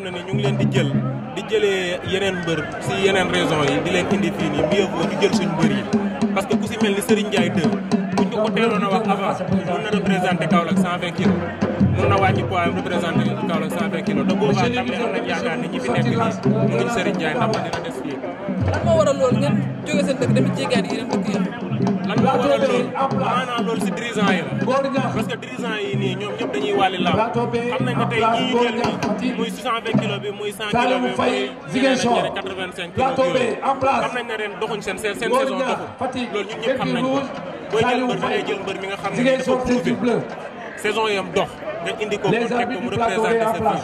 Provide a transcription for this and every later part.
xam ne ni ñu ngi leen di jël di jëlee yeneen mbër si yeneen raison yi di leen indi fii nii mieux vaut ñu jël suñu mbër yi parce que ku si mel ni Serigne Ndiaye 2 buñ ko ko teeloon a wax avant mën na représenté Kaolack 120 kilos mën na wàññi poids am représenté Kaolack 120 kilos te boobaa tam ne am nañ yaakaar ne ñi fi nekk nii mu ngi Serigne Ndiaye xam dina des fii. lan moo waral loolu ngeen jógee seen dëkk dem jéggaani yeneen dëkk yi lan moo waral loolu maanaam loolu si dirigeant yi la parce que dirigeant yi nii ñoom ñëpp dañuy wàlli laaw xam nañ ne tey ñii jël nii muy 620 kilos bi muy 100 kilos bi muy Ziguinchor ñeneen xam nañ ne ren doxuñ seen seen seen saison doxul loolu ñun ñëpp xam nañ ko booy jël mbër da ngay jël mbër mi nga xam ne dafa prouvé yam dox nga indi ko mu teg ko mu représenté sa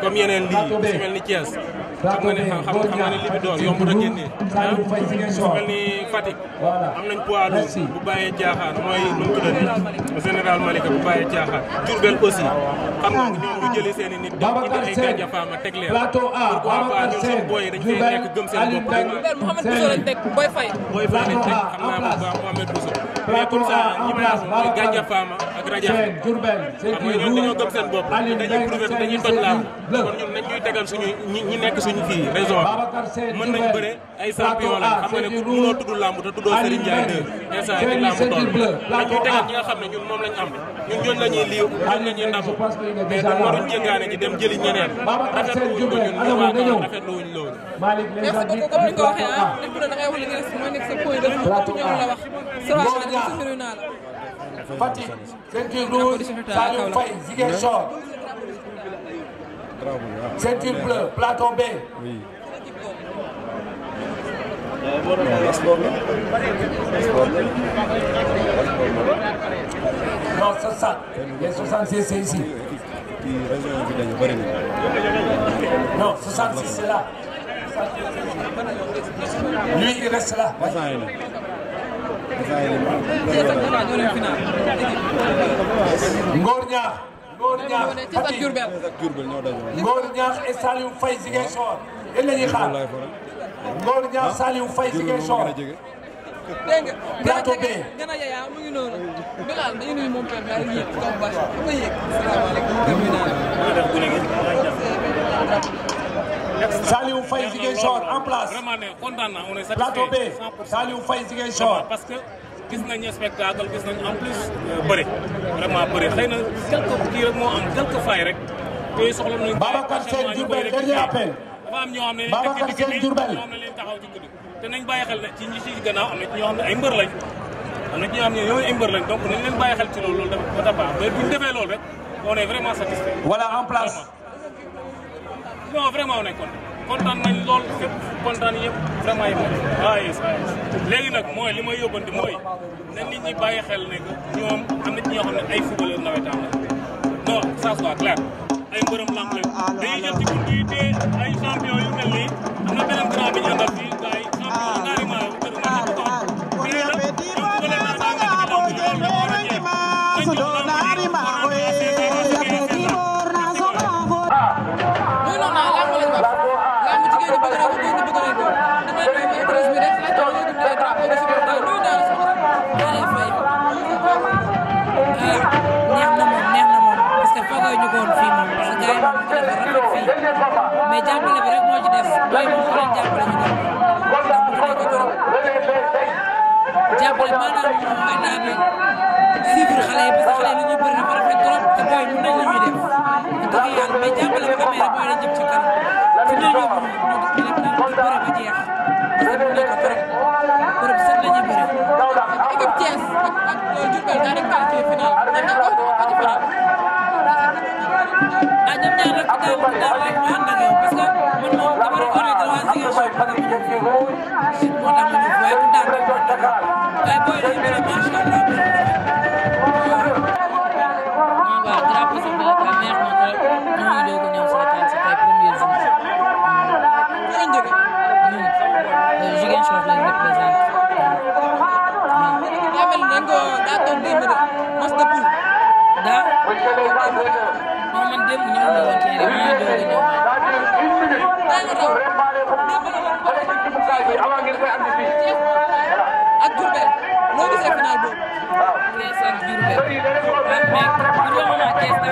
comme yeneen lii su mel ni Thiès xam nga ne xam nga ne li bi door yomb na génnee ah su mel ni Fatick am nañ poids lourd bu bàyyee jaaxaar mooy nu mu tuddati général Malika bu bàyyee jaaxaar Diourbel aussi xam nga ñoom ñu jëli seen i nit dem indi ay gàncax faama teg leen pourquoi pas ñun suñu booy dañ koy nekk gëm seen bopp rek. Mouhamed Bousso lañ teg Boy Faye. Boy Faye lañ teg xam naa bu baax Mouhamed Bousso mais comme ça image mooy gàncax faama. Cheikh Diourbel Seydou Diouf dañoo gëm seen bopp mën nañ bëre ay champion la ne ku mënoo tudd làmb te tuddoo Serigne Ndiaye 2 instant yi làmb toll dañ ñuy tegal ñi ne ñun moom lañ am ñun ñooñu la liiw ñooñu la ñuy napp mais dañ waruñ jëngaane dem jëli ñeneen rafetlu wuñ ko ñun ñu waa rafetlu loolu merci beaucoup comme ni nga ko waxee ah nit bu ne da ngay wax li nga def mooy nekk sa point de vue ñëw la wax naa la Fatick ceinture rouge Saliou Faye Ziguinchor ceinture bleue Plateau B non c'est ça les 66 c'est ici non 66 c'est là lui il reste là Ngor Niakh. Ngor Niakh Fatick Ngor Niakh et Saliou Faye Ziguinchor yéen la ñuy xaar Ngor Niakh Saliou Faye Ziguinchor. dégg nga plateau B. gën a yaya mu ngi noonu. Bilal dañu nuyu moom tamit daal yéeg kaw bâche bi nga yéeg. salaamaaleykum. Saliou Faye Ziguinchor en place. plateau B Saliou Faye Ziguinchor. parce que. gis nañ spectacle gis nañ en plus euh, bëri vraiment bëri xëy na quelque kii rek moo am quelque faille rek te soxla nañ. Babacar Sène Diourbel dernier appel. dafa am ñoo xam ne leen tekki digg bi ñoo xam ne leen taxaw ci guddi te nañ bàyyi xel ne ci ñi ci gannaaw am na ñoo xam ne ay mbër lañ am na ci ñoo xam ne ñooy ay mbër lañ donc nañ leen bàyyi xel ci loolu loolu dafa dafa mais bu ñu defee loolu rek on est vraiment satisfait. voilà en place. non vraiment on est kontaan nañ lool fépp kontaan yëpp vraiment yëpp waaye léegi nag mooy li may yóbbante mooy na nit ñi bàyyi xel ne ñoom am ñoo ay footballeur nawetaan la non ça soit clair ay mbërëm lamb lañ dañuy jël ci bunt yi te ay champion yu am na beneen grand bi ñu àndal fii ay champion ndaari maa yu nekk toog mais nag ñoom footballeur nawetaan nga ci lamb maanaam état bi suivre xale yi parce que xale yi ñu bëri dafa rafet trop te booy mën nañ la ñuy def dëgg yàlla mais jàppale bu amee rek booy la jëm ci kanam fi ñu ñoom ñu bëri ba jeex Moi,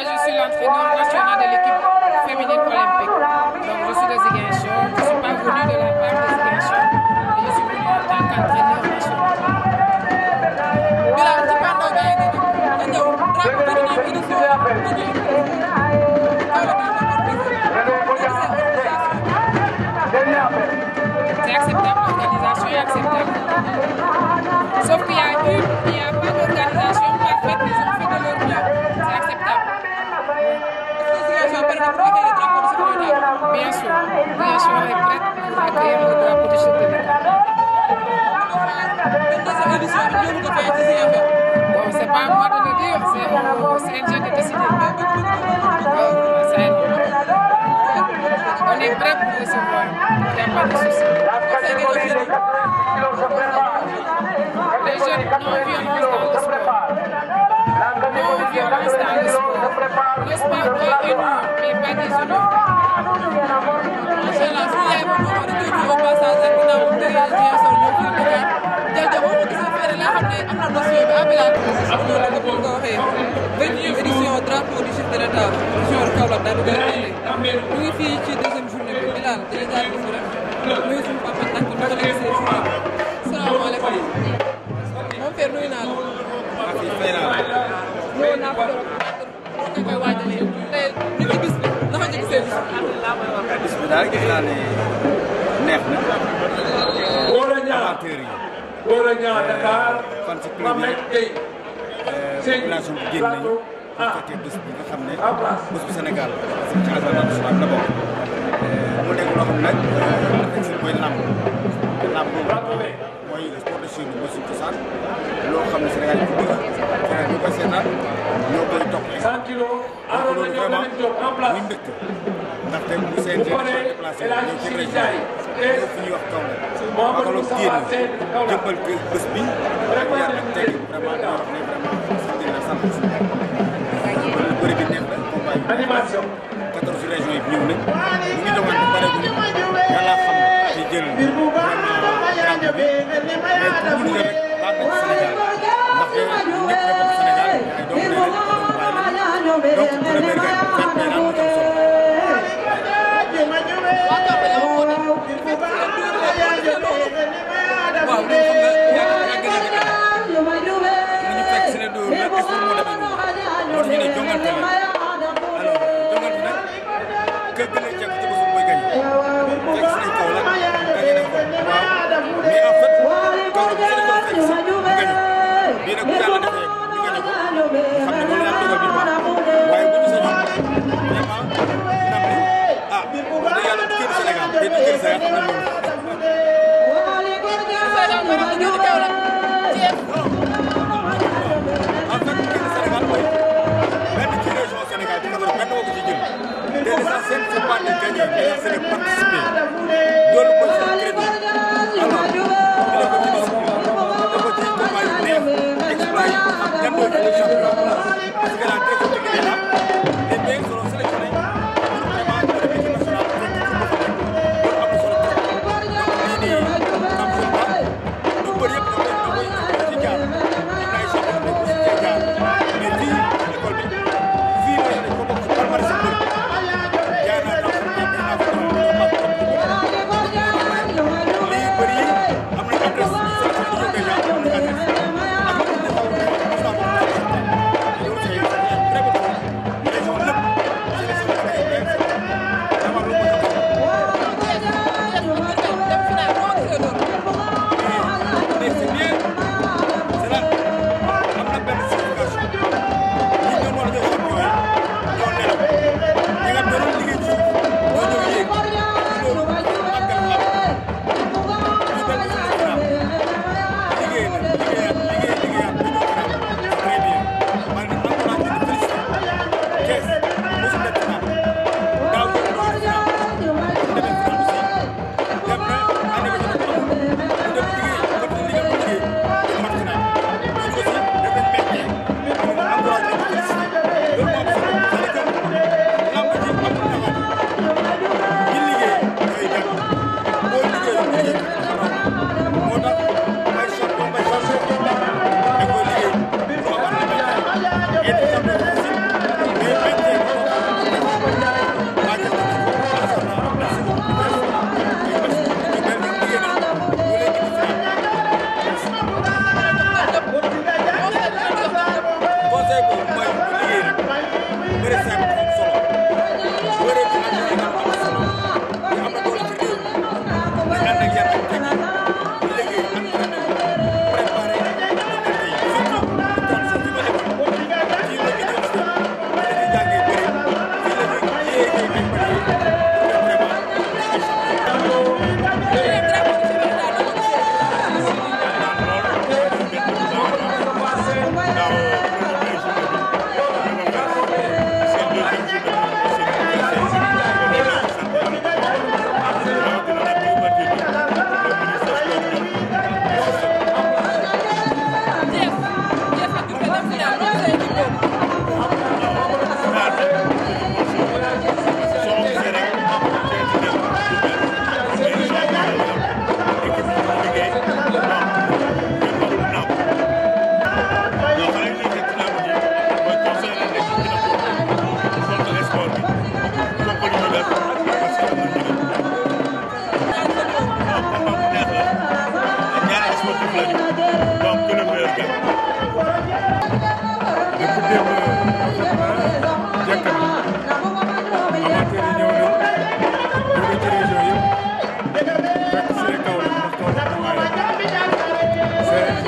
je suis l'entraîneur national de l'équipe féminine olympique. Donc, je suis de Ziguinchor. Je ne suis pas venue de la part de Ziguinchor. Et je suis venue en tant qu'entraîneur. vrai pour recevoir. Il n'y a pas de souci. C'est que les jeunes, les jeunes non-violence dans le sport. Non-violence dans le sport. Le sport doit unir, mais pas déshonorer. Inch'Allah, su yaay moom moo di déglu au passage ak ginnaaw moom dëgg yàlla ci yow ñoo koy dëggal. Jaajëf boo ko gisee fële la xam ne am na notion bi abilal. am na la ko ko waxee. 21e édition drapeau du chef de l'État région de Kaolack daal di koy ñu ngi fii ci deuxième daal dañuy daal di def rek nuyu suñu papa ak ñu doon rek seen suñu papa salaamaaleykum. moom Père nuyu naa la. ñëw naa ko trop. ñoo ngi koy waajalee tey ñu ngi gis dafa njëkk seen bis bi daal gis naa ne neex na. góor a ñaar amateur yi. góor a ñaar Dakar. Eh, fan si club yi population bi génn nañu. bu fekkee ah. bés bi nga xam ne bés bu Sénégal la. parce que ci Casamance la bokk. loo xam ne nag dañ si mooy làmb làmb mooy le sport de chez nous mooy suñu cosaan loo xam ne Sénégal yi Sénégal ñu koy seetaan ñoo koy toppee donc loolu vraiment muy mbégte ndaxte bu CNG déplacé ñëw ci région ñëw fi ñuy wax kaw la loolu génn jëmbal bés bi ak yar ak teg vraiment ñoo wax ne vraiment suñu dina sant si bëri bi neex na combat yi 14 régions yi ñëw nañ ñu ngi doon yàlla xam ci jël vraiment drapeau bi mais pour mu rek baax na ci Sénégal ndax ñëpp dafa ko Sénégal ay doomu ndey lañ doomu baay lañ donc premier gagne fête bi am na tam solo. waaw loolu xam nga yàgg yàgg na ci kanam ñu fekk si ne du est-ce que moo demee noonu loolu ñu ne jongante la. c'est pas de gagner, c'est de participer. Donne-moi cette crédit.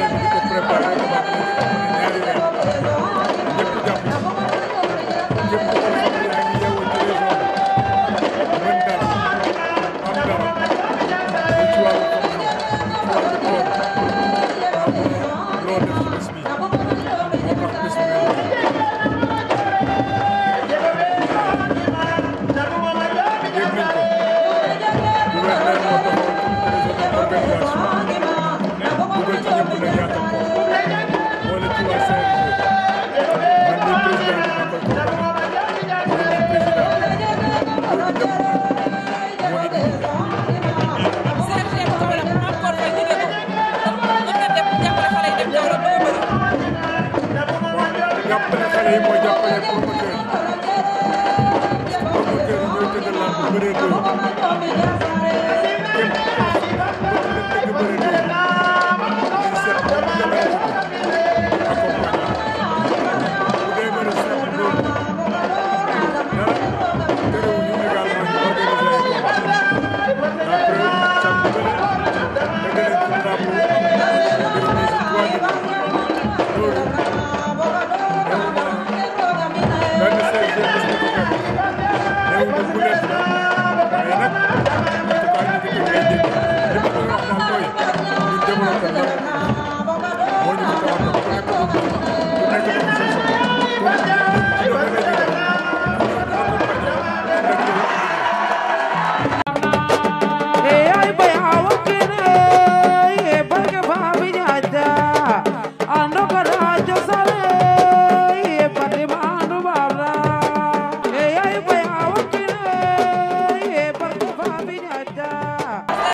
di ko préparer